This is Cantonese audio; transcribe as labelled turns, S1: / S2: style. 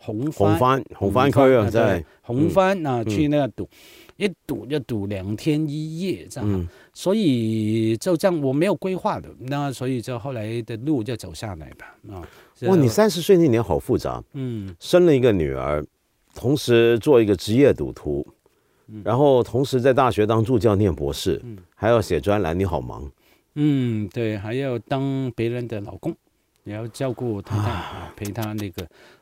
S1: 紅番，紅番開啊，在紅番、嗯、啊，去那個賭、嗯，一賭就賭兩天一夜，這樣、嗯，所以就這樣，我沒有規劃的，那所以就後來的路就走下來吧，啊，哇、哦，你
S2: 三十歲那年好複雜，嗯，生了一個女兒，同時做一個職業賭徒、嗯，然後同時在大學當助教念博士，嗯，還要寫專欄，你好忙，
S1: 嗯，對，還要當別人的老公，也要照顧他太太、啊，陪他那個。